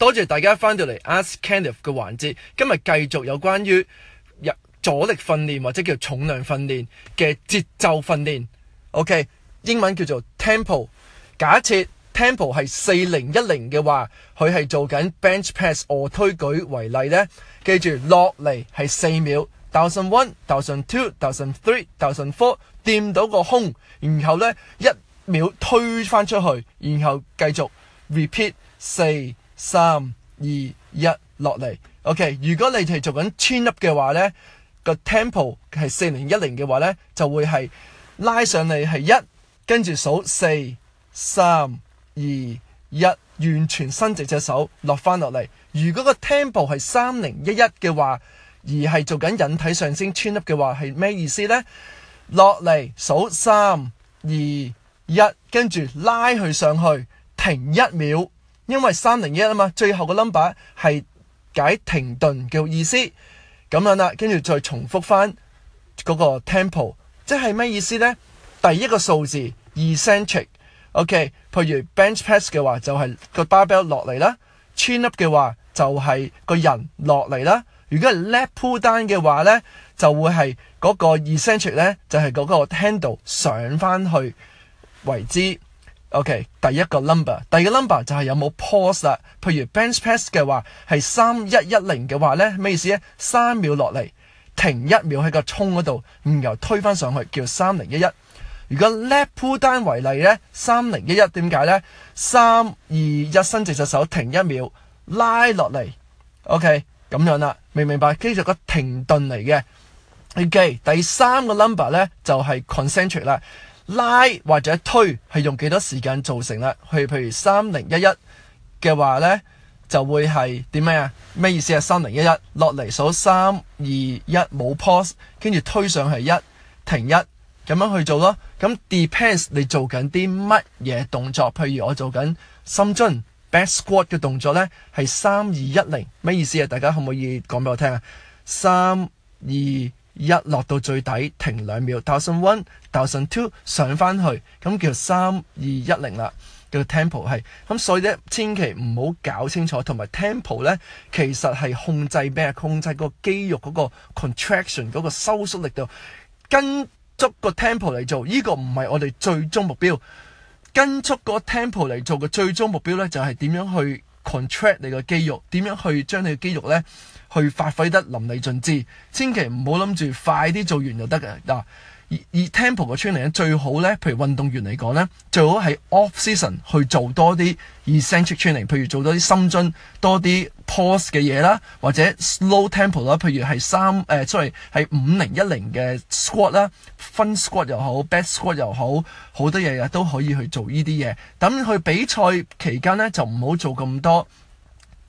多謝大家返到嚟 ask Kenneth 嘅環節，今日繼續有關於日阻力訓練或者叫重量訓練嘅節奏訓練。OK，英文叫做 tempo。假設 tempo 係四零一零嘅話，佢係做緊 bench press 臥推舉為例呢，記住落嚟係四秒，down one，down two，down three，down four，掂到個胸，然後呢一秒推返出去，然後繼續 repeat 四。三二一落嚟，OK。如果你係做緊 chin up 嘅話呢，個 tempo 係四零一零嘅話呢，就會係拉上嚟係一，跟住數四三二一，完全伸直隻手落翻落嚟。如果個 tempo 係三零一一嘅話，而係做緊引體上升 chin up 嘅話，係咩意思呢？落嚟數三二一，跟住拉佢上去，停一秒。因為三零一啊嘛，最後個 number 係解停頓嘅意思，咁樣啦，跟住再重複翻嗰個 tempo，即係咩意思呢？第一個數字，eccentric，OK，譬如 bench press 嘅話就係個 barbell 落嚟啦，chin up 嘅話就係個人落嚟啦，如果 lat pull down 嘅話呢，就會係嗰個 eccentric 呢，就係嗰個 handle 上翻去為之。OK，第一個 number，第二個 number 就係有冇 pause 啦。譬如 bench pass 嘅話，係三一一零嘅話呢，咩意思呢？三秒落嚟，停一秒喺個衝嗰度，然後推返上去叫三零一一。如果 lat pull down 為例呢，三零一一點解呢？三二一伸直隻手，停一秒，拉落嚟。OK，咁樣啦，明唔明白？跟住個停頓嚟嘅，你、okay，記第三個 number 呢，就係、係、concentrate 啦。拉或者推係用幾多時間造成啦？去譬如三零一一嘅話呢，就會係點咩啊？咩意思啊？三零一一落嚟數三二一，冇 pause，跟住推上去一停一，咁樣去做咯。咁 depends 你做緊啲乜嘢動作？譬如我做緊深蹲 back squat 嘅動作呢，係三二一零咩意思啊？大家可唔可以講俾我聽啊？三二一落到最底停兩秒，thousand one，thousand two，上翻去，咁叫三二一零啦，叫做 tempo 係。咁所以咧，千祈唔好搞清楚，同埋 tempo 咧，其實係控制咩？控制個肌肉嗰個 contraction 嗰個收縮力度，跟足個 tempo 嚟做，呢、這個唔係我哋最終目標。跟足個 tempo 嚟做嘅最終目標咧，就係、是、點樣去？contract 你嘅肌肉，點樣去將你嘅肌肉咧去發揮得淋漓盡致？千祈唔好諗住快啲做完就得嘅嗱。啊而 tempo 嘅 training 咧，最好咧，譬如運動員嚟講咧，最好喺 off season 去做多啲 eccentric training，譬如做多啲深蹲，多啲 pause 嘅嘢啦，或者 slow tempo 啦，譬如係三誒 sorry 係五零一零嘅 squat 啦，分 squat 又好，b 背 squat 又好，好多嘢日都可以去做呢啲嘢。等佢比賽期間咧就唔好做咁多。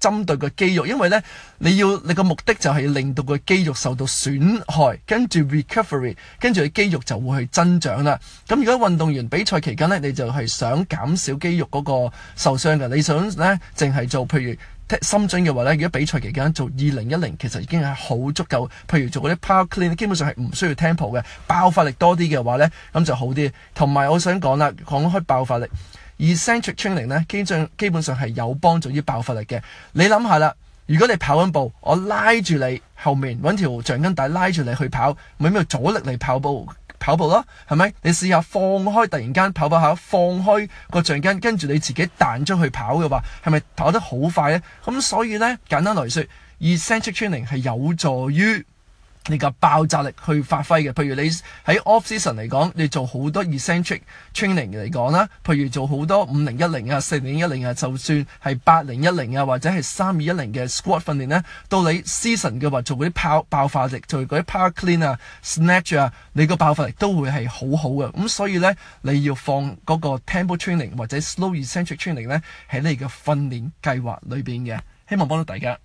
針對個肌肉，因為呢，你要你個目的就係令到個肌肉受到損害，跟住 recovery，跟住你肌肉就會去增長啦。咁如果運動員比賽期間呢，你就係想減少肌肉嗰個受傷嘅，你想呢，淨係做譬如深蹲嘅話呢，如果比賽期間做二零一零，其實已經係好足夠。譬如做嗰啲 power clean，基本上係唔需要 tempo 嘅，爆發力多啲嘅話呢，咁就好啲。同埋我想講啦，講開爆發力。eccentric training 咧，基基本上係有幫助於爆發力嘅。你諗下啦，如果你跑緊步，我拉住你後面揾條橡筋帶拉住你去跑，咪咩阻力你跑步跑步咯，係咪？你試下放開，突然間跑跑下，放開個橡筋，跟住你自己彈出去跑嘅話，係咪跑得好快咧？咁所以咧，簡單嚟説，eccentric training 係有助於。你個爆炸力去發揮嘅，譬如你喺 off season 嚟講，你做好多 eccentric training 嚟講啦，譬如做好多五零一零啊、四零一零啊，就算係八零一零啊，或者係三二一零嘅 squat 訓練呢，到你 season 嘅話，做嗰啲爆爆發力，做嗰啲 power clean 啊、snatch 啊，你個爆發力都會係好好嘅。咁所以呢，你要放嗰個 tempo training 或者 slow eccentric training 呢，喺你嘅訓練計劃裏邊嘅，希望幫到大家。